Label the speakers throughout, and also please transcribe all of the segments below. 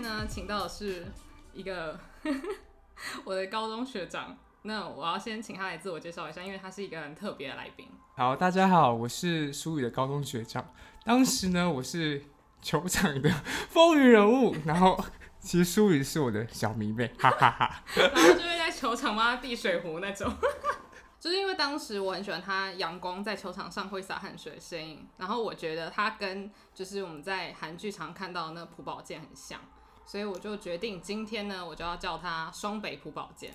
Speaker 1: 呢，請到的是一個 我的高中學長。那我要先請他來自我介紹一下，因為他是一個很特別的來賓。
Speaker 2: 好，大家好，我是舒宇的高中學長。當時呢，我是球場的風雲人物。然後，其實舒宇是我的小迷妹，
Speaker 1: 哈哈哈，哈。 然後就會在球場幫他遞水壺那種。 就是因為當時我很喜歡他陽光在球場上揮灑汗水的身影。然後我覺得他跟就是我們在韓劇常看到的那朴寶劍很像。所以我就決定今天呢，我就要叫他雙北朴寶劍。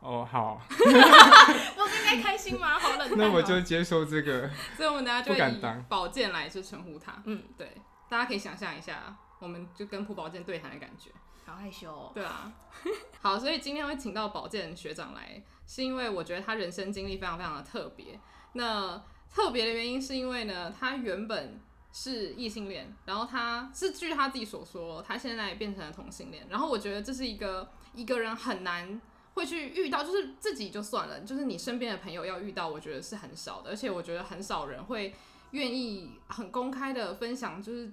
Speaker 2: 哦，好，
Speaker 1: 我不應該開心嗎？好冷淡。 那我就
Speaker 2: 接受這個不敢當。 所以我們大家就以寶
Speaker 1: 劍來就稱呼他。嗯，對，大家可以想象一下，我們就跟朴寶劍對談的感覺，
Speaker 3: 好害羞喔。對啊，
Speaker 1: 好，所以今天會請到寶劍學長來，是因為我覺得他人生經歷非常非常的特別。那特別的原因是因為呢，他原本，是異性戀，然後他是，是據他自己所說，他現在變成了同性戀。然後我覺得這是一個一個人很難會去遇到，就是自己就算了，就是你身邊的朋友要遇到，我覺得是很少的。而且我覺得很少人會願意很公開的分享，就是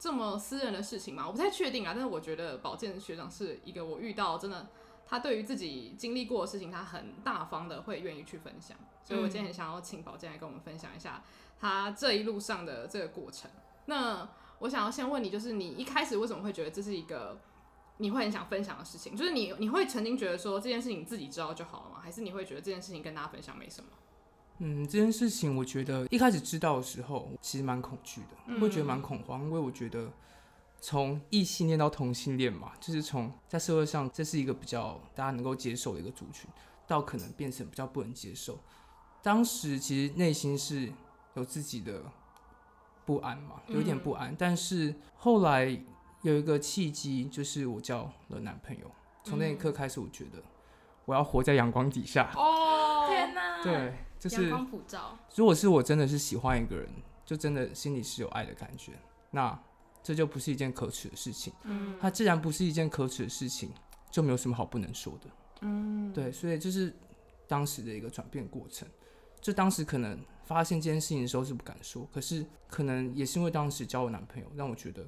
Speaker 1: 這麼私人的事情嘛，我不太確定啊。但是我覺得寶劍學長是一個我遇到真的，他對於自己經歷過的事情，他很大方的會願意去分享。所以我今天很想要請寶劍來跟我們分享一下。他這一路上的這個過程，那我想要先問你，就是你一開始為什麼會覺得這是一個你會很想分享的事情？就是你你會曾經覺得說這件事情你自己知道就好了嗎？還是你會覺得這件事情跟大家分享沒什麼？
Speaker 2: 嗯，這件事情我覺得一開始知道的時候，其實蠻恐懼的，會覺得蠻恐慌，因為我覺得從異性戀到同性戀嘛，就是從在社會上這是一個比較大家能夠接受的一個族群，到可能變成比較不能接受，當時其實內心是。有自己的不安嘛，有一點不安。嗯、但是後來有一個契機，就是我交了男朋友。從那一刻開始，我覺得我要活在陽光底下。
Speaker 3: 哦，天哪、啊！對，就是陽光普照。
Speaker 2: 如果是我真的是喜歡一個人，就真的心裡是有愛的感覺。那這就不是一件可恥的事情。嗯，它既然不是一件可恥的事情，就沒有什麼好不能說的。嗯，對，所以這是當時的一個轉變過程。就當時可能。發現這件事情的時候是不敢說，可是可能也是因為當時交我男朋友，讓我覺得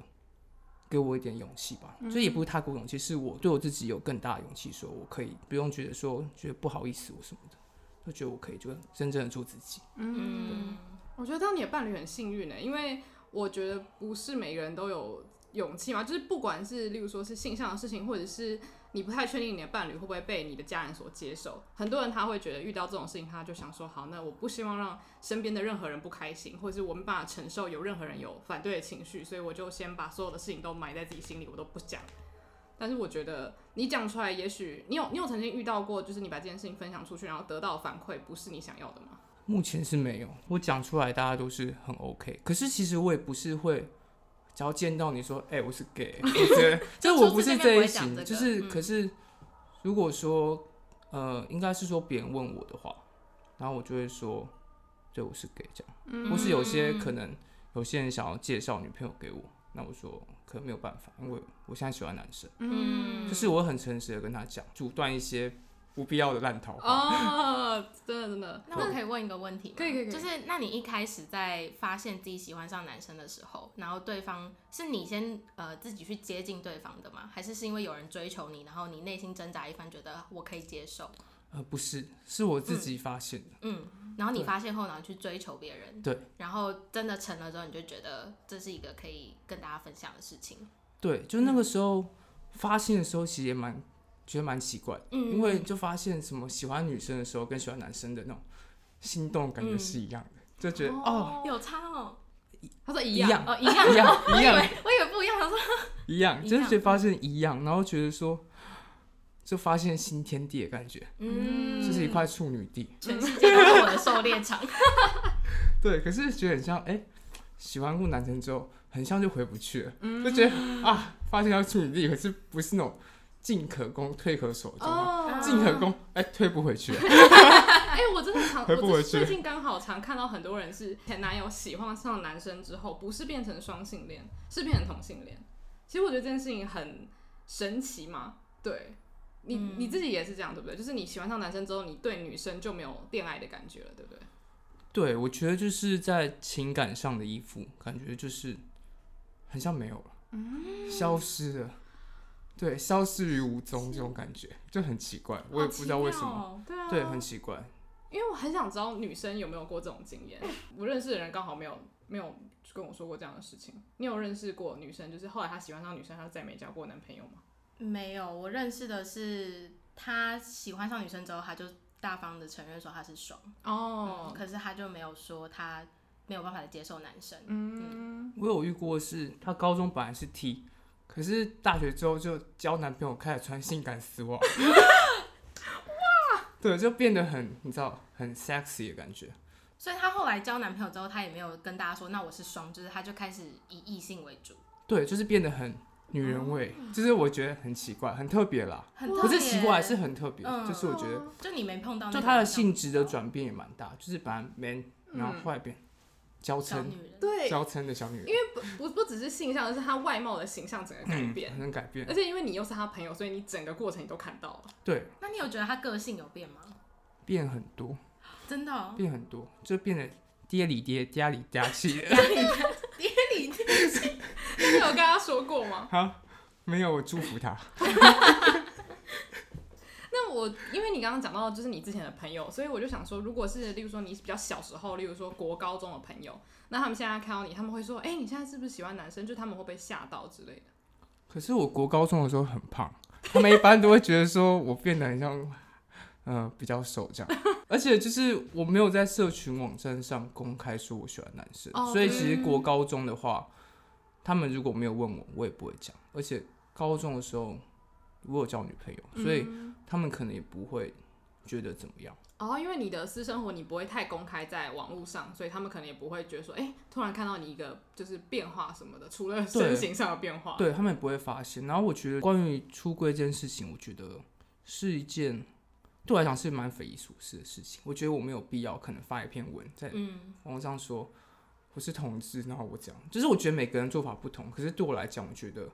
Speaker 2: 給我一點勇氣吧、嗯。所以也不是他給我勇氣，是我對我自己有更大的勇氣，說我可以不用覺得說覺得不好意思，我什麼的，我覺得我可以就真正的做自己。嗯，
Speaker 1: 對我覺得當你的伴侶很幸運呢、欸，因為我覺得不是每個人都有勇氣嘛，就是不管是例如說是性向的事情，或者是。你不太確定你的伴侶會不會被你的家人所接受。很多人他會覺得遇到這種事情，他就想說：好，那我不希望讓身邊的任何人不開心，或者是我沒辦法承受有任何人有反對的情緒，所以我就先把所有的事情都埋在自己心裡，我都不講。但是我覺得你講出來，也許你有你有曾經遇到過，就是你把這件事情分享出去，然後得到反饋不是你想要的嗎？
Speaker 2: 目前是沒有，我講出來大家都是很 OK。可是其實我也不是會。只要見到你說，哎、欸，我是 gay，我、okay、這 我不是這一型， 這個、就是可是、嗯，如果說，呃，應該是說別人問我的話，然後我就會說，對，我是 gay 這樣，嗯、或是有些可能有些人想要介紹女朋友給我，那我說，可能沒有辦法，因為我現在喜歡男生，嗯，就是我很誠實的跟他講，阻斷一些。不必要的爛桃花、
Speaker 3: oh,，哦，真的真的， 那我可以問一個問題嗎？可以可以，就是那你一開始在發現自己喜歡上男生的時候，然後對方是你先呃自己去接近對方的嗎？還是是因為有人追求你，然後你內心掙扎一番，覺得我可以接受？
Speaker 2: 呃，不是，是我自己發現的。
Speaker 3: 嗯，嗯然後你發現後，然後去追求別人。對。然後真的成了之後，你就覺得這是一個可以跟大家分享的事情。
Speaker 2: 對，就那個時候、嗯、發現的時候，其實也蠻。覺得蠻奇怪，嗯，因為就發現什麼喜歡女生的時候跟喜歡男生的那種心動感覺是一樣的，嗯、就覺得哦，
Speaker 3: 有差哦？他說一樣哦，一樣一樣，哦、一樣一樣 我以為我以為不一樣，他說
Speaker 2: 一樣，就是覺得發現一樣，然後覺得說就發現新天地的感覺，嗯，這是一塊處女地，全世
Speaker 3: 界我的狩獵場，
Speaker 2: 哈 對，可是覺得很像，哎、欸，喜歡過男生之後，很像就回不去了，嗯、就覺得啊，發現要處女地，可是不是那種。進可攻，退可守。進、oh, 可攻，哎、啊，退、欸、不回去。哎、 欸，我真的常，我最近
Speaker 1: 剛好常看到很多人是前男友喜歡上男生之後，不是變成雙性戀，是變成同性戀。其實我覺得這件事情很神奇嘛。對，你你自己也是這樣、嗯，對不對？就是你喜歡上男生之後，你對女生就沒有戀愛的感覺了，對不對？
Speaker 2: 對，我覺得就是在情感上的依附，感覺就是很像沒有了，
Speaker 1: 嗯、消
Speaker 2: 失了。對，消失於無蹤，這種感覺就很奇怪、哦，我也不知道為什麼、哦。對啊，對，很奇怪。
Speaker 1: 因為我很想知道女生有沒有過這種經驗。 我認識的人剛好沒有，沒有跟我說過這樣的事情。你有認識過女生，就是後來她喜歡上女生，她再也沒交過男朋友嗎？
Speaker 3: 沒有，我認識的是她喜歡上女生之後，她就大方的承認說她是雙哦、嗯，可是她就沒有說她沒有辦法接受男生。
Speaker 2: 嗯，我有遇過，是她高中本來是 T。可是大學之後就交男朋友，開始穿性感絲襪， 哇，對，就變得很你知道很 sexy 的感覺。
Speaker 3: 所以她後來交男朋友之後，她也沒有跟大家說，那我是雙，就是她就開始以異性為主。
Speaker 2: 對，就是變得很女人味，嗯、就是我覺得很奇怪，很特別啦。很特別。可不是奇怪，是很特別，就是我覺
Speaker 3: 得。就你沒碰到那種。就她的
Speaker 2: 性質的轉變也蠻大，就是把 man 比壞變。嗯嬌嗔，
Speaker 3: 對，
Speaker 2: 嬌嗔的小女人，因
Speaker 1: 為不不不只是性向，而是她外貌的形象整個改變，能、嗯、改變，而且因為你又是她朋友，所以你整個過程你都看到了。對，那你有覺得她個性有變嗎？
Speaker 2: 變很多，
Speaker 3: 哦、真的、哦，
Speaker 2: 變很多，就變得爹裡爹，家裡家氣，爹裡，
Speaker 3: 爹， 爹，裡，爹，裡爹裡，你有跟他說過嗎？
Speaker 2: 好，沒有，我祝福他。
Speaker 1: 我因為你剛剛講到就是你之前的朋友，所以我就想說，如果是例如說你比較小時候，例如說國高中的朋友，那他們現在看到你，他們會說：“哎、欸，你現在是不是喜歡男生？”就他們會被嚇到之類的。
Speaker 2: 可是我國高中的時候很胖，他們一般都會覺得說我變得很像嗯、 呃、比較瘦這樣，而且就是我沒有在社群網站上公開說我喜歡男生，哦、所以其實國高中的話、嗯，他們如果沒有問我，我也不會講。而且高中的時候。如果交女朋友、嗯，所以他們可能也不會覺得怎麼樣
Speaker 1: 哦。因為你的私生活你不會太公開在網絡上，所以他們可能也不會覺得說，誒、欸，突然看到你一個就是變化什麼的，除了身形上的變化，對，對
Speaker 2: 他們也不會發現。然後我覺得關於出櫃這件事情，我覺得是一件對我來講是蠻匪夷所思的事情。我覺得我沒有必要可能發一篇文在網絡上說我是同志，然後我講、嗯，就是我覺得每個人做法不同，可是對我來講，我覺得。.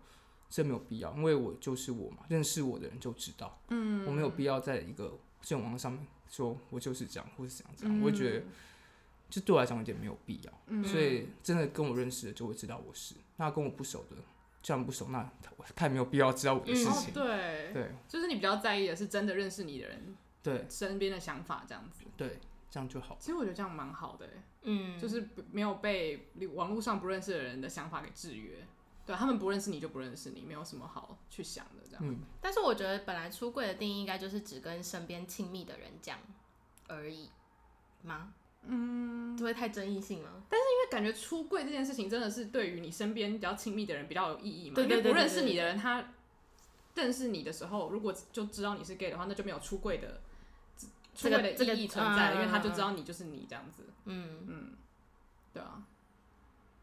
Speaker 2: 這沒有必要，因為我就是我嘛，認識我的人就知道，嗯、我沒有必要在一個這種網絡上面說我就是這樣或是怎樣怎樣，我，這樣講、嗯、我會覺得就對我來講有點沒有必要、嗯。所以真的跟我認識的就會知道我是，嗯、那跟我不熟的，這樣不熟，那他也沒有必要知道我的事情、嗯。對，對，
Speaker 1: 就是你比較在意的是真的認識你的人，對，身邊的想法這樣子對，對，這樣就好。其實我覺得這樣蠻好的，嗯，就是沒有被網絡上不認識的人的想法給制約。對，他們不認識你就不認識你，沒有什麼好去想的這
Speaker 3: 樣、嗯、但是我覺得本來出櫃的定義應該就是只跟身邊親密的人講而已嗎？嗯，就不會太爭議性嗎？但是因為感覺出櫃這件
Speaker 1: 事情真的是對於你身邊比較親密的人比較有意義嘛？對，對，對，對，對，對，對，因為不認識你的人他認識你的時候，如果就知道你是 gay 的話，那就沒有出櫃的出櫃的意義存在了、嗯，因為他就知道你就是你這樣子。嗯嗯，對啊。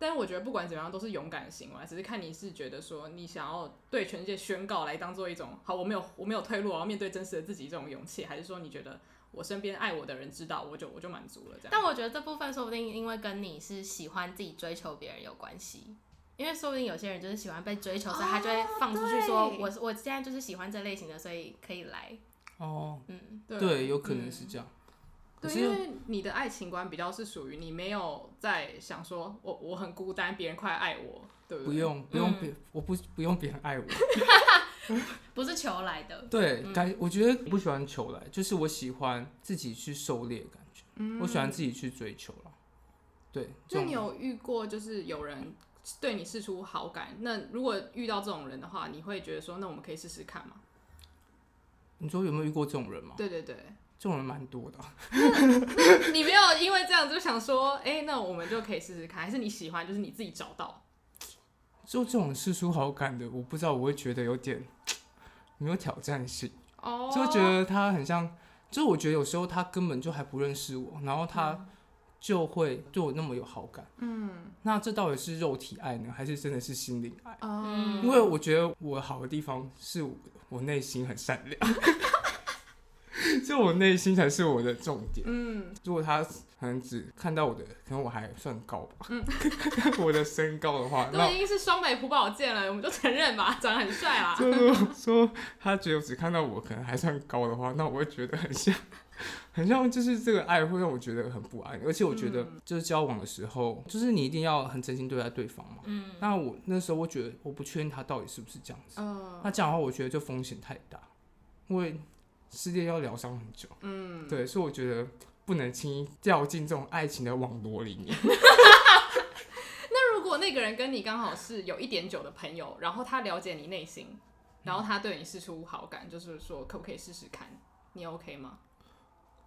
Speaker 1: 但我覺得不管怎麼樣都是勇敢行為，只是看你是覺得說你想要對全世界宣告來當做一種好，我沒有我沒有退路，我要面對真實的自己這種勇氣，還是說你覺得我身邊愛我的人知道我就我就滿足了這樣？但我
Speaker 3: 覺得這部分說不定因為跟你是喜歡自己追求別人有關係，因為說不定有些人就是喜歡被追求，所以他就會放出去說，哦、我我現在就是喜歡這類型的，所以可以來。哦，嗯，對，對，
Speaker 2: 有可能是這樣。嗯
Speaker 1: 可是對，因為你的愛情觀比較是屬於你沒有在想說我，我我很孤單，別人快愛我。對,不對，不用不用別、
Speaker 2: 嗯，我不不用別人愛我，
Speaker 1: 不是求來的。對，感、嗯、
Speaker 2: 我覺得不喜歡求來，就是我喜歡自己去狩獵，感覺、嗯、我喜歡自己去追求了。對，就你有
Speaker 1: 遇過就是有人對你釋出好感？那如果遇到這種人的話，你會覺得說，那我們可以試試看嗎？你
Speaker 2: 說有沒有遇過這種人嗎？對對對。這種人蠻多的，
Speaker 1: 你沒有因為這樣就想說，哎、欸，那我們就可以試試看，還是你喜歡，就是你自己找到？就
Speaker 2: 這種釋出好感的，我不知道，我會覺得有點有沒有挑戰性？哦、
Speaker 1: oh.，就覺
Speaker 2: 得他很像，就我覺得有時候他根本就還不認識我，然後他就會對我那麼有好感。嗯、oh.，那這到底是肉體愛呢，還是真的是心靈愛？啊、oh.，因為我覺得我好的地方是我我內心很善良。 就我內心才是我的重點。嗯，如果他可能只看到我的，可能我還算高吧。嗯， 我的身高的話，那已經
Speaker 1: 是雙北朴寶劍了，我們就承認吧，長得很
Speaker 2: 帥啦。就說說他覺得只看到我可能還算高的話，那我會覺得很像，很像就是這個愛會讓我覺得很不安，而且我覺得、嗯、就是交往的時候，就是你一定要很真心對待對方嘛。嗯，那我那時候我覺得我不確定他到底是不是這樣子。嗯、哦，那這樣的話我覺得就風險太大，因為。世界要療傷很久，嗯，對，所以我覺得不能輕易掉進這種愛情的網絡裡面。
Speaker 1: 那如果那個人跟你剛好是有一點久的朋友，然後他了解你內心，然後他對你釋出好感、嗯，就是說可不可以試試看，你 OK 嗎？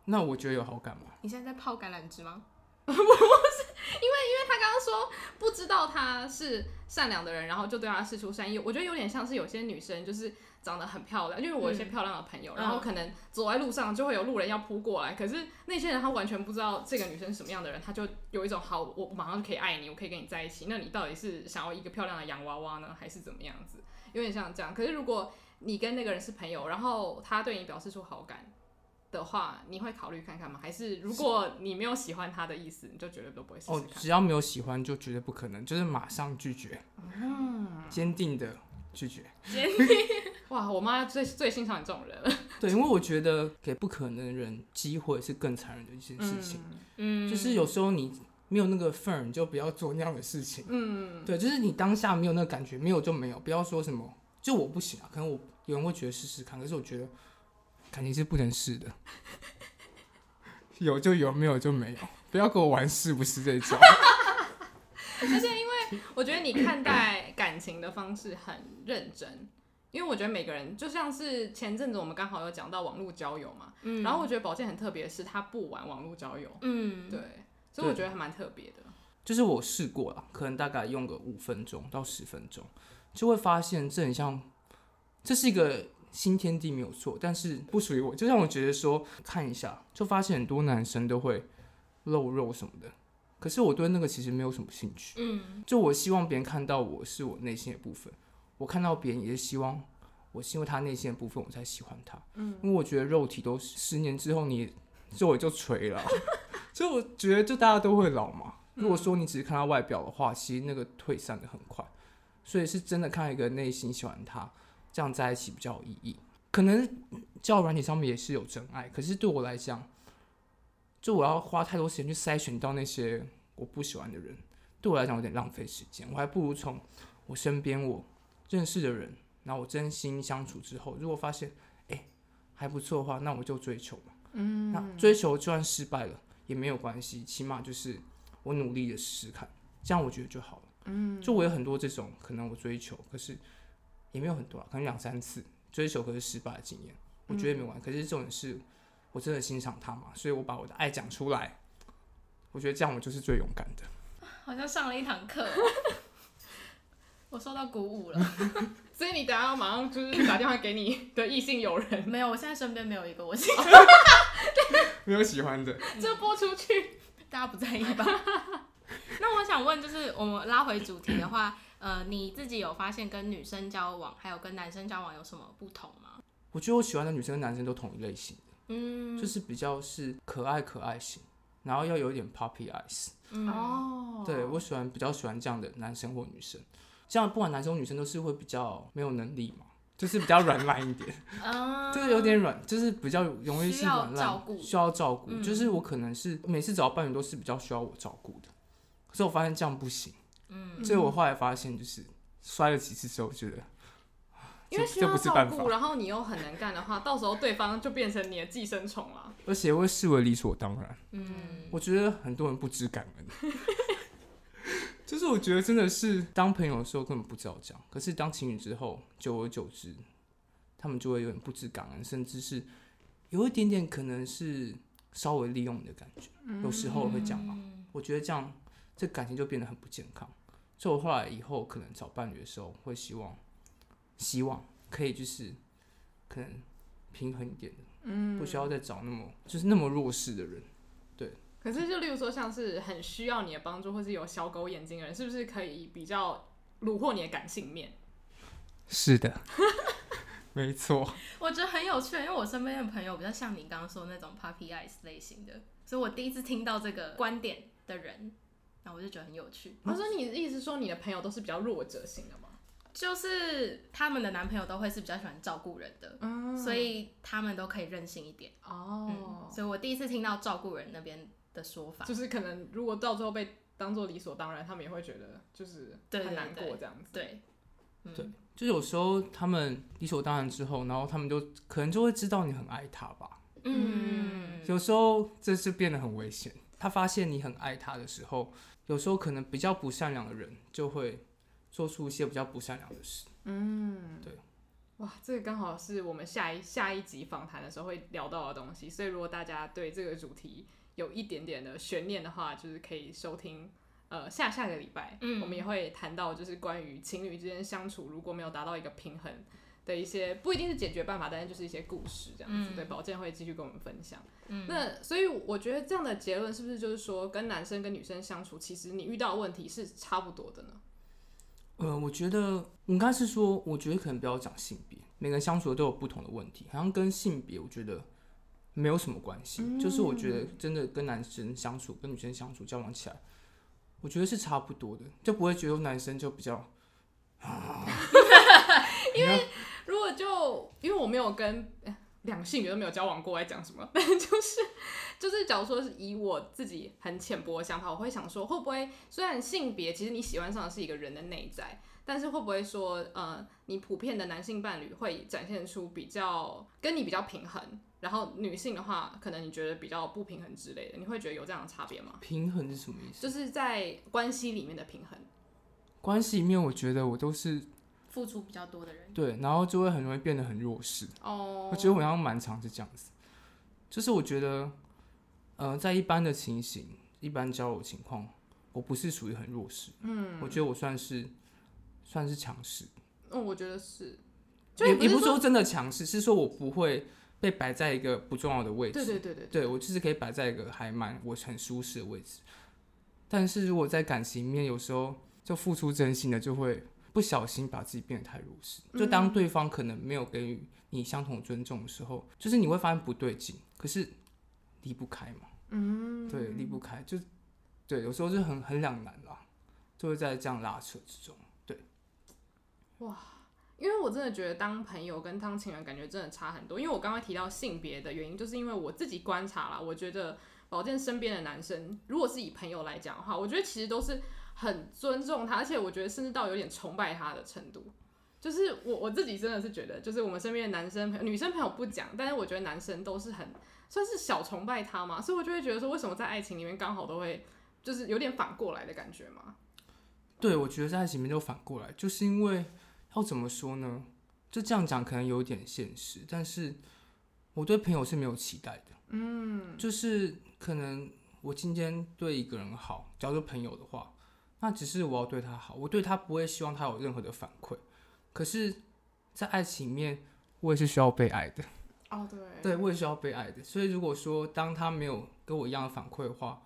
Speaker 2: 那我覺得有好感嗎？
Speaker 1: 你現在在泡橄欖枝嗎？ 不是，因為因為他剛剛說不知道他是善良的人，然後就對他釋出善意，我覺得有點像是有些女生就是。長得很漂亮，因為我有些漂亮的朋友，嗯、然後可能走在路上就會有路人要撲過來、嗯。可是那些人他完全不知道這個女生是什麼樣的人，他就有一種好，我馬上就可以愛你，我可以跟你在一起。那你到底是想要一個漂亮的洋娃娃呢，還是怎麼樣子？有點像這樣。可是如果你跟那個人是朋友，然後他對你表示出好感的話，你會考慮看看嗎？還是如果你沒有喜歡他的意思，你就絕對都不會試試看？哦、只
Speaker 2: 要沒有喜歡，就絕對不可能，就是馬上拒絕，嗯、堅定的拒絕，堅
Speaker 1: 定。哇，我媽最最欣賞你這種人了。
Speaker 2: 對，因為我覺得給不可能人機會是更殘忍的一件事情嗯。嗯，就是有時候你沒有那個份，你就不要做那樣的事情。嗯，對，就是你當下沒有那個感覺，沒有就沒有，不要說什麼就我不行啊。可能我有人會覺得試試看，可是我覺得感情是不能試的。 有就有，沒有就沒有，不要跟我玩是不是這種。
Speaker 1: 而且，因為我覺得你看待感情的方式很認真。因為我覺得每個人，就像是前陣子我們剛好有講到網絡交友嘛，嗯，然後我覺得寶劍很特別，是他不玩網絡交友，嗯，對，所以我覺得還蠻特別的。
Speaker 2: 就是我試過了，可能大概用個五分鐘到十分鐘，就會發現這很像，這是一個新天地沒有錯，但是不屬於我。就像我覺得說看一下，就發現很多男生都會露肉什麼的，可是我對那個其實沒有什麼興趣，嗯，就我希望別人看到我是我內心的部分。我看到別人也是希望，我是因為他內心的部分我才喜歡他，因為我覺得肉體都十年之後你肉也就垂了，所以我覺得就大家都會老嘛。如果說你只是看他外表的話，其實那個退散的很快，所以是真的看一個內心喜歡他，這樣在一起比較有意義。可能交友軟件上面也是有真愛，可是對我來講，就我要花太多時間去篩選到那些我不喜歡的人，對我來講有點浪費時間。我還不如從我身邊我認識的人，然後，我真心相處之後，如果發現哎、欸、還不錯的話，那我就追求嘛。嗯，那追求就算失敗了也沒有關係，起碼就是我努力的試試看，這樣我覺得就好了。嗯，就我有很多這種可能，我追求可是也沒有很多，可能兩三次追求可是失敗的經驗，嗯，我覺得也沒完。可是這種事，我真的欣賞他嘛，所以我把我的愛講出來，我覺得這樣我就是最勇敢的。
Speaker 3: 好像上了一堂課，
Speaker 1: 喔。 我受到鼓舞了 所以你等下要馬上就是打電話
Speaker 3: 給你的異性友人。 沒有，我現在身邊沒有一個我喜歡 沒有喜歡的。 這播出去，大家不在意吧？ 那我想問，就是我們拉回主題的話，呃，你自己有發現跟女生交往還有跟男生交往有什麼不同嗎？
Speaker 2: 我覺得我喜歡的女生跟男生都同一類型，嗯，就是比較是可愛可愛型，然後要有一點 puppy eyes，哦、嗯，
Speaker 3: 對，
Speaker 2: 我喜歡比較喜歡這樣的男生或女生。這樣不管男生女生都是會比較沒有能力嘛，就是比較軟爛一點，
Speaker 3: 啊， 就是有點
Speaker 2: 軟，就是比較容易是軟爛，需要照顧、嗯，就是我可能是每次找伴侶都是比較需要我照顧的，可是我發現這樣不行，嗯、
Speaker 3: 所以我後
Speaker 2: 來發現，就是摔了幾次之後，覺得，嗯、就因
Speaker 1: 為
Speaker 3: 需要照顧，就不是辦
Speaker 2: 法，然
Speaker 1: 後你又很能幹的話，到時候對方就變成你的寄生蟲了，
Speaker 2: 而且會視為理所當然，嗯，我覺得很多人不知感恩。 就是我覺得真的是當朋友的時候根本不知道講，可是當情侶之後，久而久之，他們就會有點不知感恩，甚至是有一點點可能是稍微利用你的感覺。嗯，有時候會講嘛，我覺得這樣這感情就變得很不健康。所以我後來以後可能找伴侶的時候會希望，希望可以就是可能平衡一點的，不需要再找那麼就是那麼弱勢的人。
Speaker 1: 可是，就例如說，像是很需要你的幫助，或是有小狗眼睛的人，是不是可
Speaker 3: 以比較虜獲你的感性面？
Speaker 2: 是的， 沒錯。
Speaker 3: 我覺得很有趣，因為我身邊的朋友比較像你剛剛說的那種 puppy eyes 類型的，所以我第一次聽到這個觀點的人，那我就覺得很有趣。我、嗯、說，啊、你的意思說你的朋友都是比較弱者型的嗎？就是他們的男朋友都會是比較喜歡照顧人的、嗯，所以他們都可以任性一點。哦，嗯、所以我第一次聽到照顧人那邊的說法就是，可能如果到最後被當做理所當然，他們也會覺得
Speaker 1: 就是很難過這樣子。對，對，對，
Speaker 2: 對、嗯，對，就有時候他們理所當然之後，然後他們就可能就會知道你很愛他吧。嗯，有時候這是變得很危險。他發現你很愛他的時候，有時候可能比較不善良的人就會做出一些比較不善良的事。嗯，
Speaker 1: 對，哇，這個剛好是我們下一下一集訪談的時候會聊到的東西。所以如果大家對這個主題，有一點點的懸念的話，就是可以收聽，呃，下下個禮拜，嗯，我們也會談到，就是關於情侶之間相處，如果沒有達到一個平衡的一些，不一定是解決辦法，但是就是一些故事這樣子，嗯、對，寶劍會繼續跟我們分享。嗯，那所以我覺得這樣的結論是不是就是說，跟男生跟女生相處，其實你遇到的問題是差不多的呢？
Speaker 2: 呃，我覺得應該是說，我覺得可能不要講性別，每個人相處的都有不同的問題，好像跟性別，我覺得。沒有什麼關係，就是我覺得真的跟男生相處、嗯、跟女生相處，交往起來，我覺得是差不多的，就不會覺得男生就比較，
Speaker 1: 嗯啊、 因為如果就，因為我沒有跟。兩性別都沒有交往過，來講什麼？但 就是，就是，假如說是以我自己很淺薄的想法，我會想說，會不會雖然性別，其實你喜歡上的是一個人的內在，但是會不會說，呃，你普遍的男性伴侶會展現出比較跟你比較平衡，然後女性的話，可能你覺得比較不平衡之類的，你會覺得有這樣的差別嗎？
Speaker 2: 平衡是什麼意思？就
Speaker 1: 是在關係裡面的平衡。
Speaker 2: 關係裡面，我覺得我都是。
Speaker 3: 付出比較
Speaker 2: 多的人，對，然後就會很容易變得很弱勢。
Speaker 3: 哦、oh.，我覺得我好
Speaker 2: 像蠻常是這樣子，就是我覺得，呃，在一般的情形、一般交流情況，我不是屬於很弱勢。
Speaker 1: 嗯，我覺
Speaker 2: 得我算是算是強勢。嗯、
Speaker 1: 哦，我覺得是，也也不，不說真
Speaker 2: 的強勢，是說我不會被擺在一個不重要的位置。對對對對，對，對，對，我就是可以擺在一個還蠻我很舒適的位置。但是如果在感情裡面，有時候就付出真心的就會。不小心把自己變得太弱勢，就當對方可能沒有給予你相同尊重的時候，嗯、就是你會發現不對勁。可是離不開嘛，嗯，
Speaker 1: 對，
Speaker 2: 離不開，就對，有時候就很很兩難了，就會在這樣拉扯之中。對，
Speaker 1: 哇，因為我真的覺得當朋友跟當情人感覺真的差很多。因為我剛剛提到性別的原因，就是因為我自己觀察了，我覺得寶劍身邊的男生，如果是以朋友來講的話，我覺得其實都是。很尊重他，而且我覺得甚至到有點崇拜他的程度。就是我我自己真的是覺得，就是我們身邊的男生朋友、女生朋友不講，但是我覺得男生都是很算是小崇拜他嘛。所以，我就會覺得說，為什麼在愛情裡面剛好都會就是有點反過來的感覺嘛？
Speaker 2: 對，我覺得在愛情裡面就反過來，就是因為要怎麼說呢？就這樣講可能有點現實，但是我對朋友是沒有期待的。嗯，就是可能我今天對一個人好，假如說朋友的話。那只是我要對他好，我對他不會希望他有任何的反饋。可是，在愛情面，我也是需要被愛的。哦，對，對，我也需要被愛的。所以，如果說當他沒有跟我一樣的反饋的話，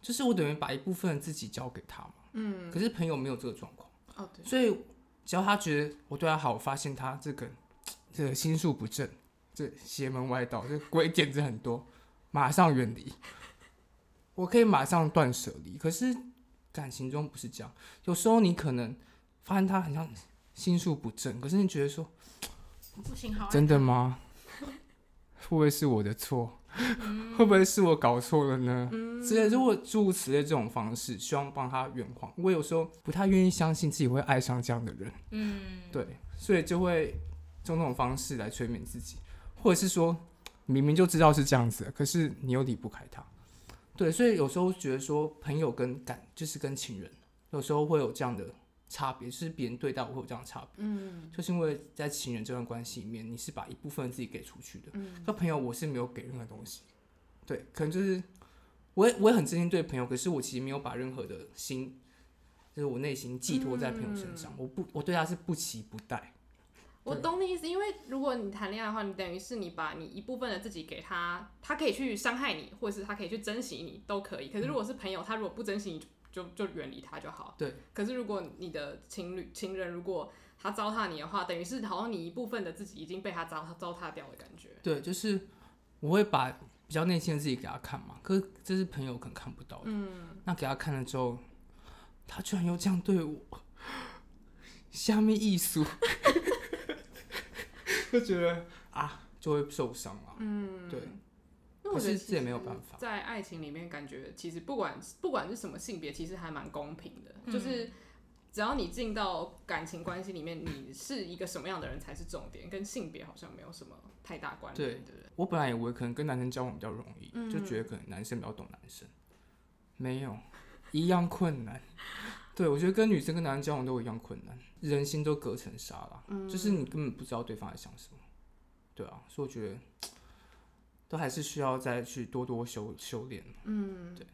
Speaker 2: 就是我等於把一部分自己交給他嘛。
Speaker 1: 嗯。可是
Speaker 2: 朋友沒有這個狀況。哦，對。所以，只要他覺得我對他好，我發現他這個這個心術不正，這個、邪門歪道，這個、鬼點子很多， 馬上遠離。我可以馬上斷舍離。可是。感情中不是這樣，有時候你可能發現他好像心術不正，可是你覺得說，
Speaker 3: 不行，真
Speaker 2: 的嗎？會不會是我的錯？嗯？會不會是我搞錯了呢？嗯、之類，如果諸如此類的這種方式，希望幫他圓謊。我有時候不太願意相信自己會愛上這樣的人，嗯，對，所以就會用這種方式來催眠自己，或者是說明明就知道是這樣子，可是你又離不開他。對，所以有時候覺得說朋友跟感就是跟情人，有時候會有這樣的差別，就是別人對待我會有這樣的差別。嗯，就是因為在情人這段關係裡面，你是把一部分自己給出去的。那、嗯、朋友我是沒有給任何東西。對，可能就是我也我也很真心對朋友，可是我其實沒有把任何的心，就是我內心寄托在朋友身上。嗯、我不，我對他是不期不待。
Speaker 1: 我懂你意思，因為如果你談戀愛的話，你等於是你把你一部分的自己給他，他可以去傷害你，或者是他可以去珍惜你，都可以。可是如果是朋友，他如果不珍惜，你就就遠離他就好。對。可是如果你的情侶、情人，如果他糟蹋你的話，等於是好像你一部分的自己已經被他糟糟蹋掉的感覺。對，
Speaker 2: 就是我會把比較內心的自己給他看嘛。可是這是朋友可能看不到的。嗯。那給他看了之後，他居然又這樣對我，下面藝術。 就覺得啊，就會受傷了。嗯，對。可是這也沒有辦法。在
Speaker 1: 愛情裡面，感覺其實不管不管是什麼性別，其實還蠻公平的，嗯。就是只要你進到感情關係裡面，你是一個什麼樣的人才是重點， 跟性別好像沒有什麼太大關係。對
Speaker 2: 對對。我本來以為可能跟男生交往比較容易，嗯，就覺得可能男生比較懂男生。沒有，一樣困難。 對，我覺得跟女生跟男生交往都一樣困難，人心都隔成沙層紗了，嗯，就是你根本不知道對方在想什麼，對啊，所以我覺得都還是需要再去多多修修煉。嗯，
Speaker 3: 對。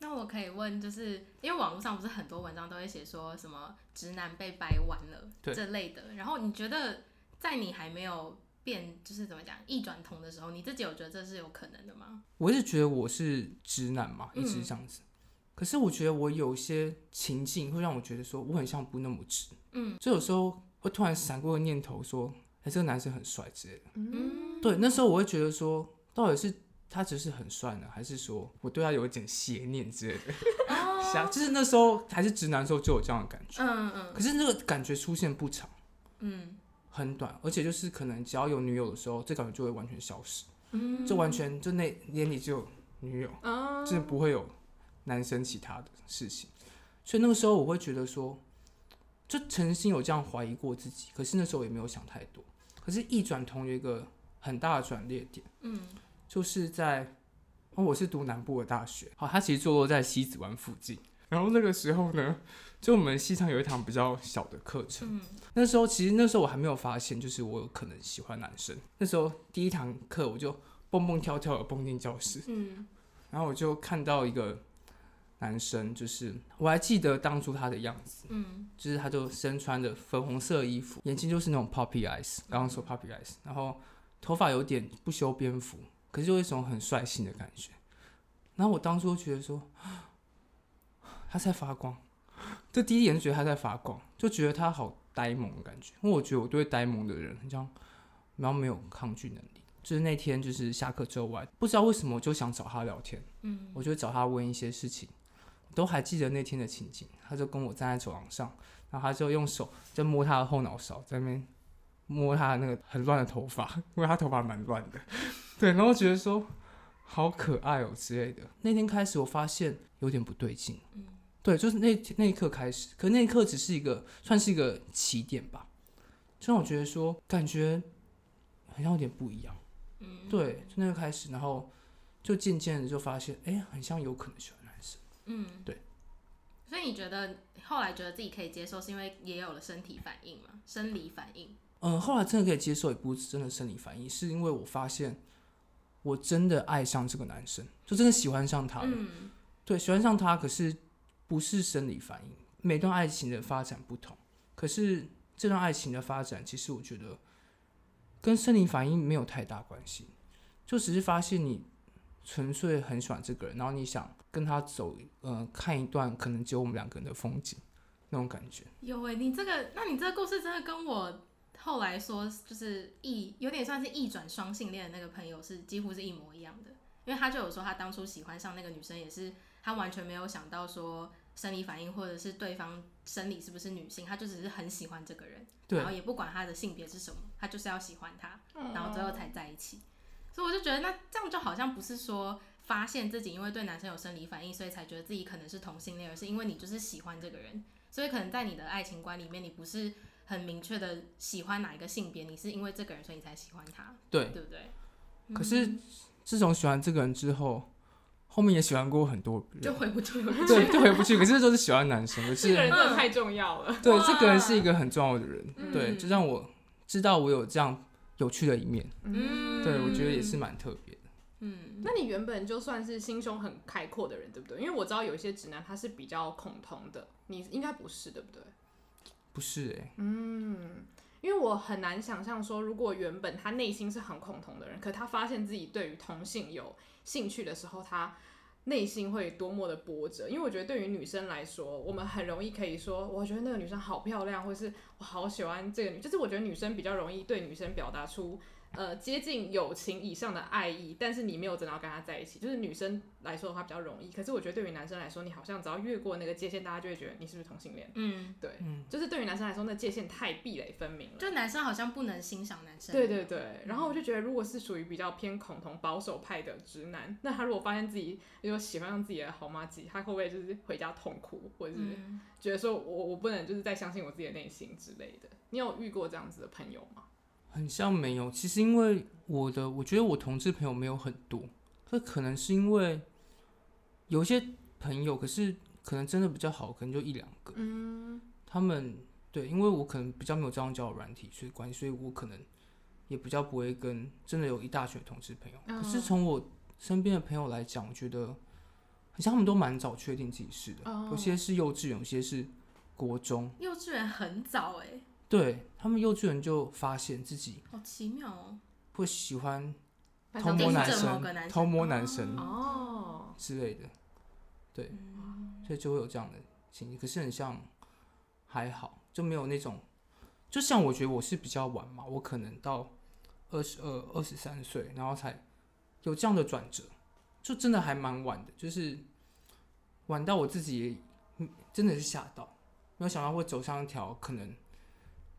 Speaker 3: 那我可以問，就是因為網絡上不是很多文章都會寫說什麼直男被掰彎了這類的，然後你覺得在你還沒有變，就是怎麼講，一轉同的時候，你自己有覺得這是有可能的嗎？
Speaker 2: 我一直覺得我是直男嘛，一直是這樣子。嗯可是我覺得我有些情境會讓我覺得說我很像不那麼直，嗯，所以有時候會突然閃過的念頭說，哎、嗯欸，這個男生很帥之類的，嗯，對，那時候我會覺得說，到底是他只是很帥呢，還是說我對他有一點邪念之類的？哈、哦、 就是那時候還是直男的時候就有這樣的感
Speaker 3: 覺，嗯嗯，可是那個
Speaker 2: 感覺出現不長，
Speaker 3: 嗯，
Speaker 2: 很短，而且就是可能只要有女友的時候，這感覺就會完全消失，嗯，
Speaker 3: 就完全
Speaker 2: 就那眼裡只有女友，啊、嗯，就是、不會有。男生其他的事情，所以那個時候我會覺得說，就曾經有這樣懷疑過自己，可是那時候也沒有想太多。可是，一轉頭一個很大的轉捩點，嗯，就是在哦，我是讀南部的大學，好，他其實坐落在西子灣附近。然後那個時候呢，就我們西倉有一堂比較小的課程。嗯，那時候其實那時候我還沒有發現，就是我有可能喜歡男生。那時候第一堂課我就蹦蹦跳跳的蹦進教室，嗯，然後我就看到一個。男生就是，我還記得當初他的樣子，嗯，就是他就身穿着粉紅色衣服，眼睛就是那種 puppy eyes，剛剛說 puppy eyes、嗯、然後頭髮有點不修邊幅，可是就有一種很率性的感覺。然後我當初覺得說，他在發光，就第一眼就覺得他在發光，就覺得他好呆萌的感覺，因為我覺得我對呆萌的人，很像，然後沒有抗拒能力。就是那天就是下課之後我還不知道為什麼我就想找他聊天，嗯，我就找他問一些事情。都還記得那天的情景，他就跟我站在走廊上，然後他就用手在摸他的後腦勺，在那邊摸他的那個很亂的頭髮，因為他頭髮蠻亂的，對，然後覺得說好可愛哦之類的、嗯。那天開始我發現有點不對勁，嗯、對，就是那那一刻開始，可那一刻只是一個算是一個起點吧，就讓我覺得說感覺好像有點不一樣，嗯、對，就那個開始，然後就漸漸的就發現，哎，很像有可能嗯，對，
Speaker 3: 所以你覺得後來覺得自己可以接受，是因為也有了身體反應嗎？生理反應？
Speaker 2: 嗯，後來真的可以接受，也不是真的生理反應，是因為我發現我真的愛上這個男生，就真的喜歡上他了。嗯。對，喜歡上他，可是不是生理反應。每段愛情的發展不同，可是這段愛情的發展，其實我覺得跟生理反應沒有太大關係，就只是發現你。純粹很喜歡這個人，然後你想跟他走，呃，看一段可能只有我們兩個人的風景，那種感覺。
Speaker 3: 有誒、欸，你這個，那你這個故事真的跟我後來說，就是一有點算是一轉雙性戀的那個朋友是幾乎是一模一樣的，因為他就有說他當初喜歡上那個女生也是他完全沒有想到說生理反應或者是對方生理是不是女性，他就只是很喜歡這個人，對然後也不管他的性別是什麼，他就是要喜歡他，然後最後才在一起。嗯所以我就覺得，那這樣就好像不是說發現自己因為對男生有生理反應，所以才覺得自己可能是同性戀，而是因為你就是喜歡這個人，所以可能在你的愛情觀裡面，你不是很明確的喜歡哪一個性別，你是因為這個人，所以你才喜歡他，對，對不對？可是
Speaker 2: 自從喜歡這個人之後，後面也喜歡過很多人，就
Speaker 3: 回不去了。對， 就回不去。可是就是喜歡
Speaker 2: 男生，可是這個人真的
Speaker 3: 太
Speaker 1: 重要了，對，這個人是一
Speaker 2: 個很重要的人，對，就讓我知道我有這樣。有趣的一面，嗯，
Speaker 1: 對，我覺得也是蠻特別的，嗯，那你原本就算是心胸很開闊的人，對不對？因為我知道有一些直男他是比較恐同的，你應該不是，對不對？
Speaker 2: 不是、欸，誒。嗯，
Speaker 1: 因為我很難想象說，如果原本他內心是很恐同的人，可他發現自己對於同性有興趣的時候，他。內心會多麼的波折，因為我覺得對於女生來說，我們很容易可以說，我覺得那個女生好漂亮，或是我好喜歡這個女，就是我覺得女生比較容易對女生表達出。呃，接近友情以上的愛意，但是你沒有真的要跟他在一起，就是女生來說的話比較容易。可是我覺得對於男生來說，你好像只要越過那個界限，大家就會覺得你是不是同性戀？嗯，對，嗯、就是對於男生來說，那界限太壁壘分明了。就
Speaker 3: 男生好像不能欣賞男
Speaker 1: 生。對對對。嗯、然後我就覺得，如果是屬於比較偏恐同保守派的直男，那他如果發現自己，比如說喜歡上自己的好麻吉，他會不會就是回家痛哭，或者是覺得說我，我我不能就是再相信我自己的內心之類的？你有遇過這樣子的朋友嗎？
Speaker 2: 很像沒有，其實因為我的，我覺得我同志朋友沒有很多，這可,可能是因為有些朋友，可是可能真的比較好，可能就一兩
Speaker 3: 個、嗯。
Speaker 2: 他們對，因為我可能比較沒有這樣交友軟體，所以關係，所以我可能也比較不會跟真的有一大群同志朋友。哦、可是從我身邊的朋友來講，我覺得好像他們都蠻早確定自己是的，哦、有些是幼稚園，有些是國中。
Speaker 3: 幼稚園很早哎、欸。
Speaker 2: 對，他們幼稚園就發現自己
Speaker 3: 好奇妙哦，
Speaker 2: 會喜歡
Speaker 3: 偷摸男生，偷摸
Speaker 2: 男生哦之類的，對、嗯，所以就會有這樣的情形。可是很像還好就沒有那種，就像我覺得我是比較晚嘛，我可能到二十二、二十三歲，然後才有這樣的轉折，就真的還蠻晚的，就是晚到我自己也真的是嚇到，沒有想到會走上一條可能。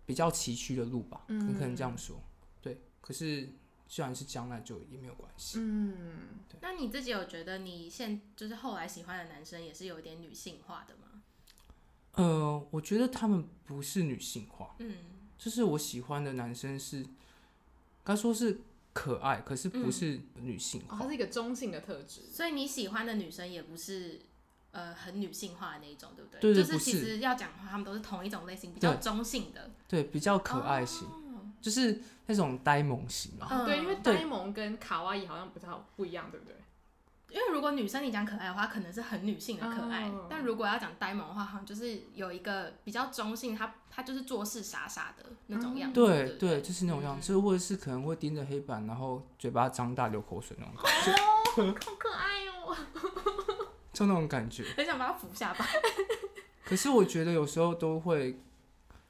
Speaker 2: 比較崎嶇的路吧，你、嗯、可能這樣說，對。可是，既然是將來，就也沒有關係。嗯，
Speaker 3: 那你自己有覺得，你現就是後來喜歡的男生也是有一點女性化的嗎？
Speaker 2: 呃，我覺得他們不是女性化，嗯，就是我喜歡的男生是，該說是可愛，可是不是女性化，
Speaker 3: 嗯哦、他是一個中性的特質。所以你喜歡的女生也不是。呃，很女性化的那一種，對不對？對對對就是。其實要講的話，他們都是同一種類型，比較中性的。對，
Speaker 2: 對比較可愛型，哦、就是那種呆萌型嘛、嗯。對，因為呆
Speaker 3: 萌跟卡哇伊好像比較不一樣，對不對,對？因為如果女生你講可愛的話，可能是很女性的可愛；哦、但如果要講呆萌的話，好像就是有一個比較中性，她她就是做事傻傻的那種樣子，嗯、
Speaker 2: 對對,對,對，就是那種樣子，嗯、或者是可能會盯着黑板，然後嘴巴張大流口水那種感覺。哦，
Speaker 3: 好可愛哦、喔。
Speaker 2: 就那種感覺，
Speaker 3: 很想把他扶下吧。
Speaker 2: 可是我覺得有時候都會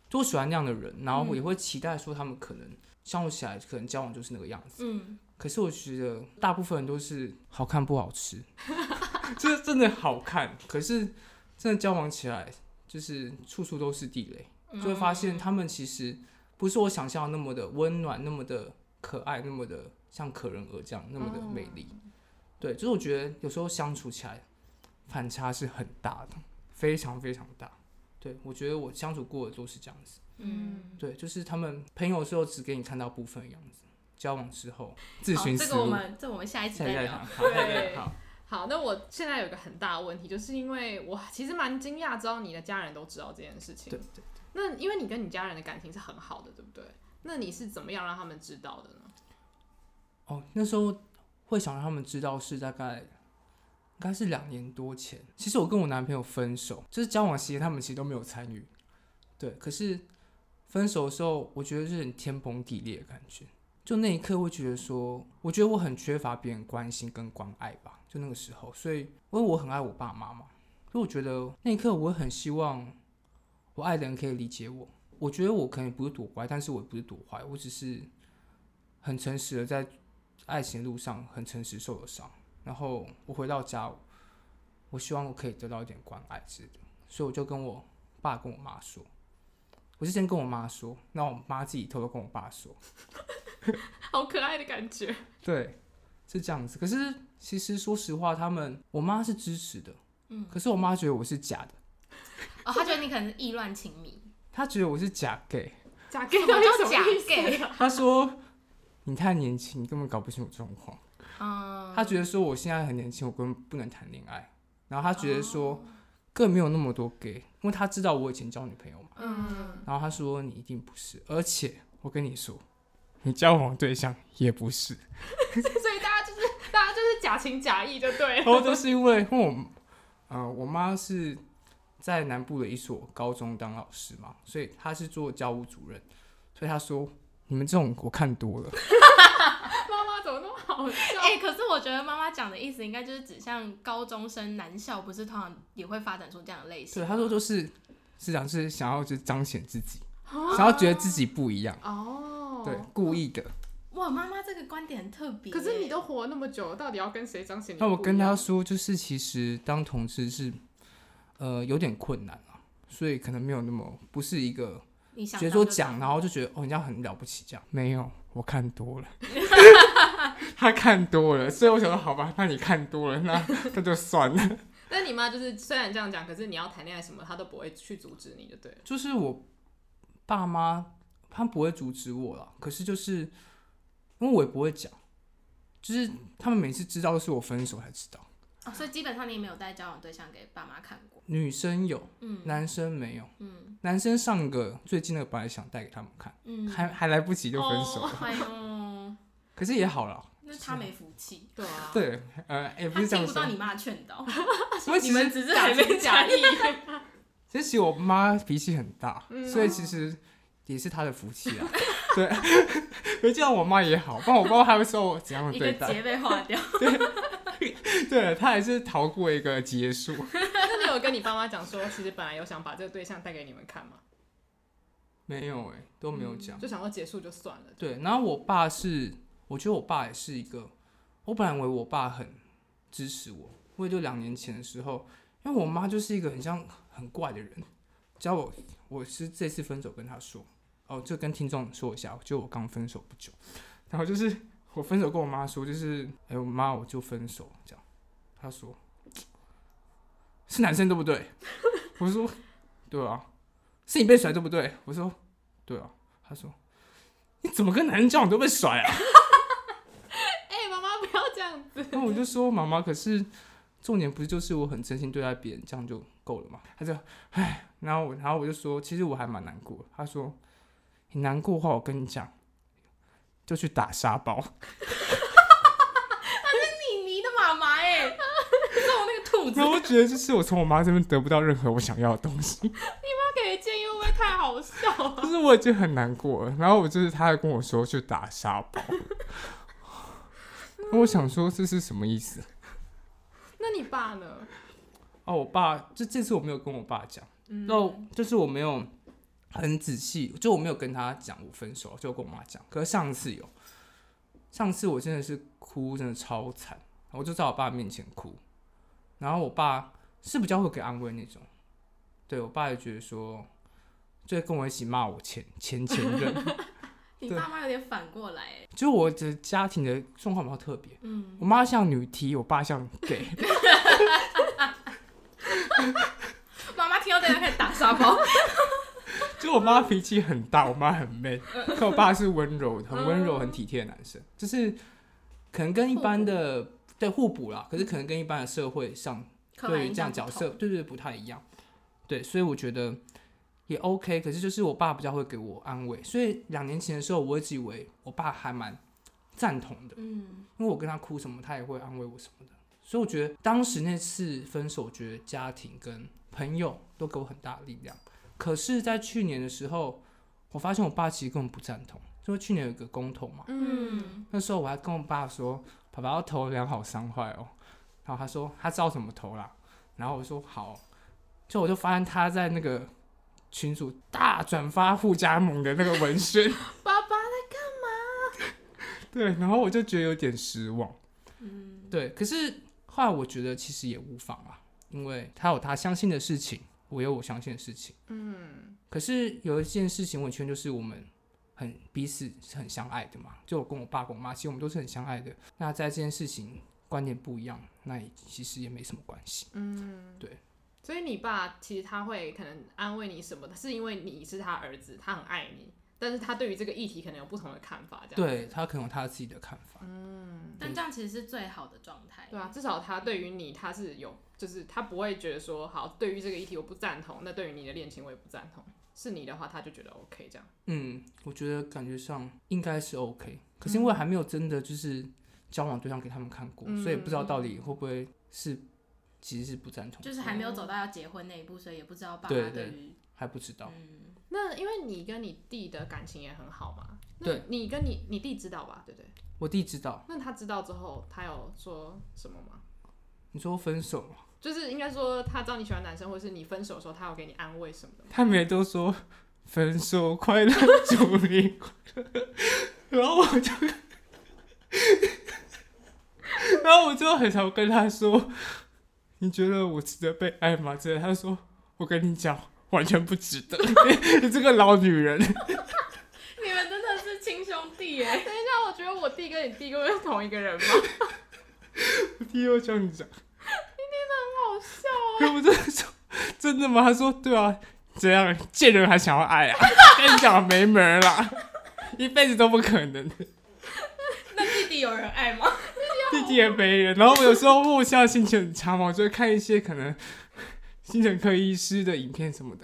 Speaker 2: 多喜歡那樣的人，然後我也會期待說他們可能相處起來可能交往就是那個樣子，嗯。可是我覺得大部分人都是好看不好吃， 就是真的好看， 可是真的交往起來就是處處都是地雷，就會發現他們其實不是我想象的那麼的溫暖，那麼的可愛，那麼的像可人兒這樣，那麼的美麗，哦。對，就是我覺得有時候相處起來。反差是很大的，非常非常大。對，我覺得我相處過的都是這樣子。嗯，對，就是他們朋友的時候只給你看到部分的樣子，交往之後，諮詢、哦、這個我們
Speaker 3: 這個、我們下一集再聊。
Speaker 1: 好，那我現在有一個很大的問題，就是因為我其實蠻驚訝，知道你的家人都知道這件事情。對對對。那因為你跟你家人的感情是很好的，對不對？那你是怎麼樣讓他們知道的呢？哦，
Speaker 2: 那時候會想讓他們知道是大概。應該是兩年多前。其實我跟我男朋友分手，就是交往期間，他們其實都沒有參與。對，可是分手的時候，我覺得是很天崩地裂的感覺。就那一刻，我覺得說，我覺得我很缺乏別人關心跟關愛吧。就那個時候，所以因為我很愛我爸媽嘛，所以我覺得那一刻我很希望我愛的人可以理解我。我覺得我可能不是多乖，但是我也不是多壞，我只是很誠實的在愛情路上很誠實受了傷。然後我回到家，我希望我可以得到一點關愛之類的，所以我就跟我爸跟我媽說，我是先跟我媽說，然後我媽自己偷偷跟我爸說，
Speaker 3: 好可愛的感覺。
Speaker 2: 對，是這樣子。可是其實說實話，他們我媽是支持的，嗯，可是我媽覺得我是假的，
Speaker 3: 哦，她覺得你可能是意亂情迷，
Speaker 2: 她 覺得我是假 gay，假
Speaker 3: gay，她就是假 gay，她說
Speaker 2: 你太年輕，你根本搞不清楚狀況。啊、嗯，他覺得說我現在很年輕，我根本不能談戀愛。然後他覺得說、哦，更沒有那麼多 gay，因為他知道我以前交女朋友嘛。嗯，然後他說你一定不是，而且我跟你說，你交往對象也不是。
Speaker 1: 所以大家就是大家就是假情假意對，的、 哦。對。然後就
Speaker 2: 是因為我，嗯、呃、我媽是在南部的一所高中當老師嘛，所以她是做教務主任，所以她說你們這種我看多了。
Speaker 3: 媽媽怎麼那麼好笑？哎、欸，可是我覺得媽媽講的意思應該就是指向高中生男校，不是通常也會發展出這樣的類型。
Speaker 2: 對，他說就是是想是想要就彰顯自己，
Speaker 3: 想要覺得自
Speaker 2: 己不一樣。哦，
Speaker 3: 對，
Speaker 2: 故意的。
Speaker 1: 哇，媽媽這個觀點很特別。可是你都活那麼久，到底要跟誰彰顯？那我跟她
Speaker 2: 說，就是其實當同志是呃有點困難啊，所以可能沒有那麼不是一個，
Speaker 3: 覺得說
Speaker 2: 講，然後就覺得哦人家很了不起這樣，沒有。我看多了， 他看多了，所以我想說，好吧，那你看多了，那那就算了。
Speaker 1: 那你媽就是雖然這樣講，可是你要談戀愛什麼，他都不會去阻止你的，對？
Speaker 2: 就是我爸媽，他不會阻止我啦，可是就是，因為我也不會講，就是他們每次知道的是我分手才知道。
Speaker 3: 哦、所以基本上你也沒有帶交往對象給爸媽
Speaker 2: 看過，女生有，嗯，男生沒有，嗯，男生上個最近那個本來想帶給他們看，嗯，還還來不及就分手，嗯、哦哎
Speaker 3: 呃，
Speaker 2: 可是也好了，那
Speaker 3: 他沒福氣、就是，對
Speaker 2: 啊，對，呃，也、欸、不是講，聽不到你
Speaker 3: 媽勸導，所以你們只是假情假意。 其
Speaker 2: 實其實我媽脾氣很大、嗯哦，所以其實也是她的福氣啊， 對，所 以這樣我媽也好，不然我不知道她會受怎樣的對待，一個結
Speaker 3: 被化掉。 對
Speaker 2: 對他還是逃過一個結束。
Speaker 1: 那你有跟你爸媽講說，其實本來有想把這個對象帶給你們看嗎？
Speaker 2: 沒有哎、欸，都沒有講、嗯，就
Speaker 1: 想到結束就算了
Speaker 2: 對。對，然後我爸是，我覺得我爸也是一個，我本來以為我爸很支持我，因為就兩年前的時候，因為我媽就是一個很像很怪的人，只要我，我是這次分手跟他說，哦，就跟聽眾說一下，就我剛分手不久，然後就是。我分手跟我媽說，就是，哎、欸，我媽，我就分手，這樣。她說，是男生對不對？ 我說，對啊。是你被甩對不對？我說，對啊。她說，你怎麼跟男人交往都被甩啊？哎
Speaker 1: 欸，媽媽不要這樣
Speaker 2: 子。那 我就說，媽媽，可是重點不是就是我很真心對待別人，這樣就夠了嗎？他就，哎，然後我，然後我就說，其實我還蠻難過。他說，你、欸、難過的話，我跟你講。就去打沙包，
Speaker 3: 是妮妮的媽媽欸、 那是你的媽媽哎！我那個兔子，我
Speaker 2: 覺得就是我從我媽這邊得不到任何我想要的東西。
Speaker 3: 你媽給的
Speaker 1: 建議會不會太好笑，啊？
Speaker 2: 就是我已經很難過了，然後我就是他還跟我說去打沙包， 那我想說這是什麼意思？嗯，
Speaker 1: 那你爸呢？
Speaker 2: 哦，我爸就這次我沒有跟我爸講，嗯，那就是我沒有。很仔細，就我沒有跟他講我分手，就跟我媽講。可是上次有，上次我真的是哭，真的超慘，我就在我爸面前哭。然後我爸是比較會給安慰那種，對我爸也覺得說，就跟我一起罵我前前前任。 你
Speaker 3: 爸媽有點反過來。就
Speaker 2: 我的家庭的狀況比較特別、嗯，我媽像女 T，我爸像 Gay。
Speaker 3: 媽 媽 聽到在那開始打沙包。
Speaker 2: 就我媽脾氣很大，我媽很 man 可 我爸是溫柔、很溫柔、很體貼的男生，嗯、就是可能跟一般的對互補啦，可是可能跟一般的社會上對於這樣角色，對，對對不太一樣，對，所以我覺得也 OK。可是就是我爸比較會給我安慰，所以兩年前的時候，我一直以為我爸還蠻贊同的、嗯，因為我跟他哭什麼，他也會安慰我什麼的，所以我覺得當時那次分手，我覺得家庭跟朋友都給我很大的力量。可是，在去年的時候，我發現我爸其實根本不贊同，因為去年有一個公投嘛。嗯。那時候我還跟我爸說：“爸爸要投兩好三壞哦。”然後他說：“他知道怎麼投啦？”然後我說：“好。”就我就發現他在那個群組大轉發護家盟的那個文宣。爸爸在幹嘛？ 對，然後我就覺得有點失望。嗯。對，可是後來我覺得其實也無妨啊，因為他有他相信的事情。我有我相信的事情，嗯，可是有一件事情，我確認就是我們很彼此是很相愛的嘛，就我跟我爸跟我媽，其實我們都是很相愛的。那在這件事情觀念不一樣，那也其實也沒什麼關係，嗯，對。
Speaker 1: 所以你爸其實他會可能安慰你什麼？是因為你是他兒子，他很愛你。但是他對於這個議題可能有不同的看法，這樣，對，他
Speaker 2: 可能有他自己的看法。嗯，就
Speaker 1: 是、但這樣其實是最好的狀態。對啊，至少他對於你他是有，就是他不會覺得說，好，對於這個議題我不贊同，那對於你的戀情我也不贊同。是你的話，他就覺得 OK 這樣。
Speaker 2: 嗯，我覺得感覺上應該是 OK，可是因為還沒有真的就是交往對象給他們看過，嗯、所以不知道到底會不會是其實是不贊同，就是還沒
Speaker 3: 有走到要結婚那一步，所以也不知道爸媽的
Speaker 2: 還不知道。嗯
Speaker 1: 那因為你跟你弟的感情也很好嘛，那你跟你你弟知道吧，對不對，對？
Speaker 2: 我弟知道。
Speaker 1: 那他知道之後，他有說什麼嗎？
Speaker 2: 你說分手嗎？
Speaker 1: 就是應該說，他知道你喜歡男生，或者是你分手的時候，他有給你安慰什麼的。他
Speaker 2: 每都說分手 快樂主，祝你快樂。然後我就， 然後我就很想跟他說，你覺得我值得被愛嗎？這他說，我跟你講。完全不值得，你、 欸、這個老女人！
Speaker 3: 你們真的是親兄弟哎！等一下，
Speaker 1: 我覺得我弟跟你弟會是同一個人嗎？
Speaker 2: 我弟又這樣講，
Speaker 1: 你真的很好
Speaker 2: 笑啊！我真的說，真的嗎？他說對啊，怎樣？見人還想要愛啊？跟你講沒門了啦，一輩子都不可能。
Speaker 3: 那弟弟有人愛嗎？弟
Speaker 2: 弟也沒人。 然後我有時候我現在心情很差嘛，我就會看一些可能。精神科醫師的影片什麼的，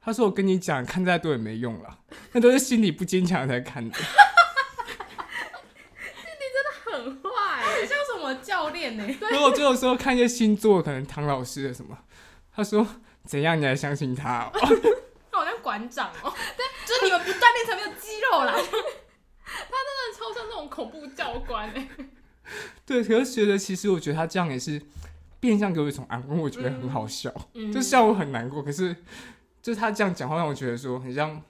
Speaker 2: 他說：“我跟你講，看再多也沒用了，那都是心理不堅強才看的。 ”心
Speaker 3: 理真的很壞、欸，他很像什麼教練呢、欸？如果最後說
Speaker 2: 看一些星座，可能唐老師的什麼，他說：“怎樣？你還相信他、喔？
Speaker 3: 他好像館長哦、喔， 對，就是你們不鍛鍊，才沒有肌肉啦。 ”他真的
Speaker 1: 超像那種恐怖教官誒、欸。
Speaker 2: 對，可是我覺得其實，我覺得他這樣也是。變相給我一種安慰，我覺得很好笑、嗯，就笑我很難過。可是，就是他這樣講話，讓我覺得說，很像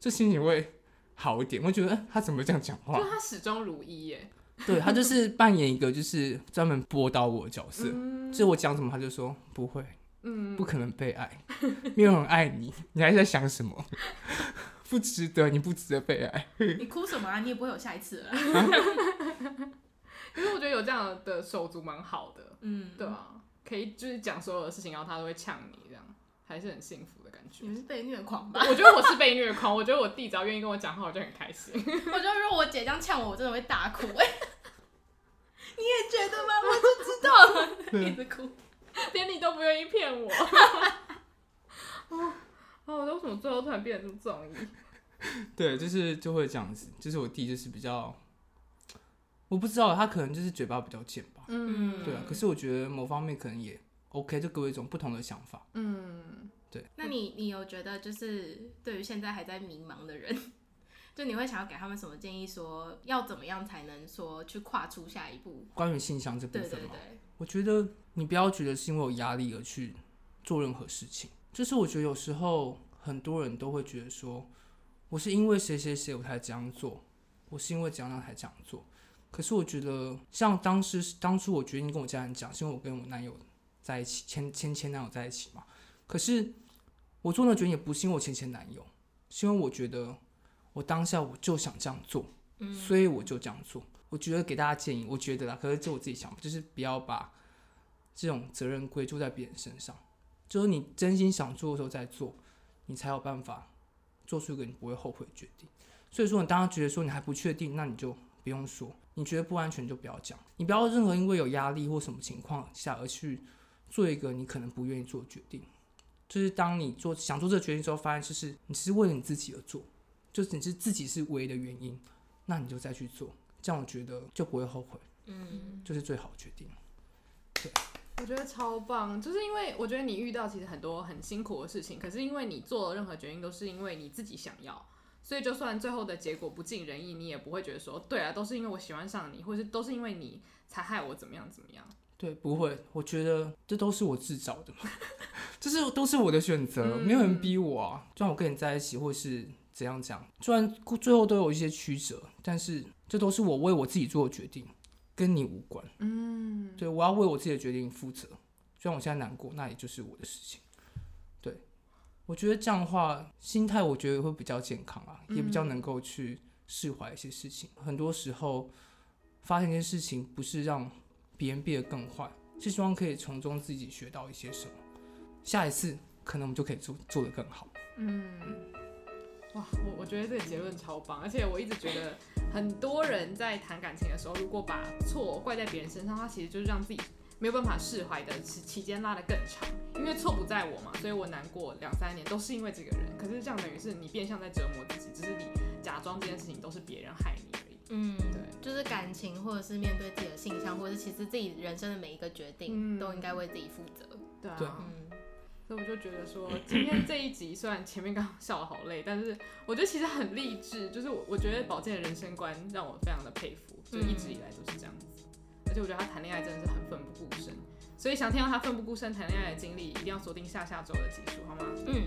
Speaker 2: 就心情會好一點。我覺得，欸、他怎麼這樣講話？就他
Speaker 1: 始終如一耶。對，他就
Speaker 2: 是扮演一個就是專門補刀我的角色，嗯、所以我講什麼他就說不會，嗯，不可能被愛，沒有人愛你，你還在想什麼？不值得，你不值得被愛。
Speaker 3: 你哭什麼、啊？你也不會有下一
Speaker 1: 次了。啊 因為我覺得有這樣的手足蠻好的，嗯，對啊，可以就是講所有的事情，然後他都會嗆你，這樣還是很幸福的感覺。
Speaker 3: 你是被虐狂吧？我覺得
Speaker 1: 我是被虐狂， 我覺得我弟只要願意跟我講話，我就很開心。
Speaker 3: 我覺得如果我姐這樣嗆我，我真的會大哭，欸。 你也覺得嗎？ 我就知道了，一直哭， 連你都不願意騙我。哦 哦，那、哦、
Speaker 1: 為什麼最後突然變得這麼容易？
Speaker 2: 對，就是就會這樣子，就是我弟就是比較。我不知道，他可能就是嘴巴比較賤吧。
Speaker 1: 嗯，
Speaker 3: 對啊。可
Speaker 2: 是我覺得某方面可能也 OK，就給我一種不同的想法。嗯，對。那你
Speaker 3: 你有覺得就是對於現在還在迷茫的人，就你會想要給他們什麼建議？說要怎麼樣才能說去跨出下一步？
Speaker 2: 關於性向這部分嗎？對對對。我覺得你不要覺得是因為有壓力而去做任何事情。就是我覺得有時候很多人都會覺得說，我是因為誰誰誰我才這樣做，我是因為怎樣才這樣做。可是我覺得，像當時當初我決定跟我家人講，是因為我跟我男友在一起，前前前男友在一起嘛。可是我做那決定也不是因為我前前男友，是因為我覺得我當下我就想這樣做，所以我就這樣做。我覺得給大家建議，我覺得啦，可是就我自己想法，就是不要把這種責任歸咎在別人身上，就是你真心想做的時候再做，你才有辦法做出一個你不會後悔的決定。所以說，你當時覺得說你還不確定，那你就不用說。你覺得不安全就不要講，你不要任何因為有壓力或什麼情況下而去做一個你可能不願意做的決定。就是當你做想做這個決定的時候，發現就是你是為了你自己而做，就是你是自己是唯一的原因，那你就再去做，這樣我覺得就不會後悔，嗯，就是最好的決定。
Speaker 1: 對，我覺得超棒，就是因為我覺得你遇到其實很多很辛苦的事情，可是因為你做了任何決定都是因為你自己想要。所以，就算最後的結果不盡人意，你也不會覺得說，對啊，都是因為我喜歡上你，或是都是因為你才害我怎麼樣怎麼樣？
Speaker 2: 對，不會，我覺得這都是我自找的嘛。 這是都是我的選擇，嗯，沒有人逼我啊，雖然我跟你在一起，或是怎樣講。雖然最後都有一些曲折，但是這都是我為我自己做的決定，跟你無關。嗯，對，我要為我自己的決定負責。雖然我現在難過，那也就是我的事情。我覺得這樣的話，心態我覺得會比較健康啊，也比較能夠去釋懷一些事情。嗯。很多時候，發生一件事情不是讓別人變得更壞，是希望可以從中自己學到一些什麼，下一次可能我們就可以做做得更好。嗯，
Speaker 1: 哇，我我覺得這個結論超棒，而且我一直覺得很多人在談感情的時候，如果把錯怪在別人身上，他其實就是讓自己。沒有辦法釋懷的，是期間拉得更長，因為錯不在我嘛，所以我難過兩三年都是因為這個人。可是這樣等於是你變相在折磨自己，只是你假裝這件事情都是別人害你而已。嗯，對，
Speaker 3: 就是感情或者是面對自己的性向，或者是其實自己人生的每一個決定，嗯、都應該為自己負責。對啊對，嗯，所以我就覺得說，今天這一集雖然前
Speaker 1: 面剛笑得好累，但是我覺得其實很勵志。就是我我覺得寶劍的人生觀讓我非常的佩服，就一直以來都是這樣子。而且我覺得他談戀愛真的是很奮不顧身，所以想聽到他奮不顧身談戀愛的經歷，一定要鎖定下下周的節目，好嗎？嗯，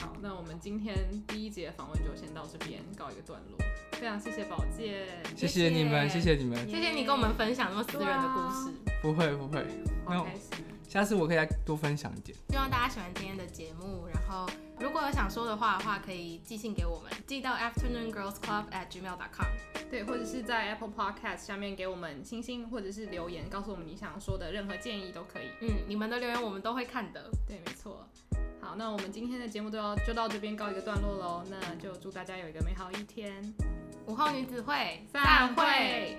Speaker 1: 好，那我們今天第一節訪問就先到這邊告一個段落，非常謝謝寶劍，謝
Speaker 2: 謝，謝謝你們，謝謝你們、yeah，謝
Speaker 3: 謝你跟我們分享那麼私人的故事、
Speaker 2: 啊，不會不會，好、no、開心。下次我可以再多分享一點。
Speaker 3: 希望大家喜歡今天的節目。然後，如果有想說的話的話，可以寄信給我們，寄到 afternoongirlsclub@gmail.com。對，或者是
Speaker 1: 在 Apple Podcast 下面給我們星星，或者是留言，告訴我們你想說的任何建議都可以。嗯，你們的留言我們都會看的。對，沒錯。好，那我們今天的節目都要就到這邊告一個段落嘍。那就祝大家有一個美好一天。午後女子會散會。三會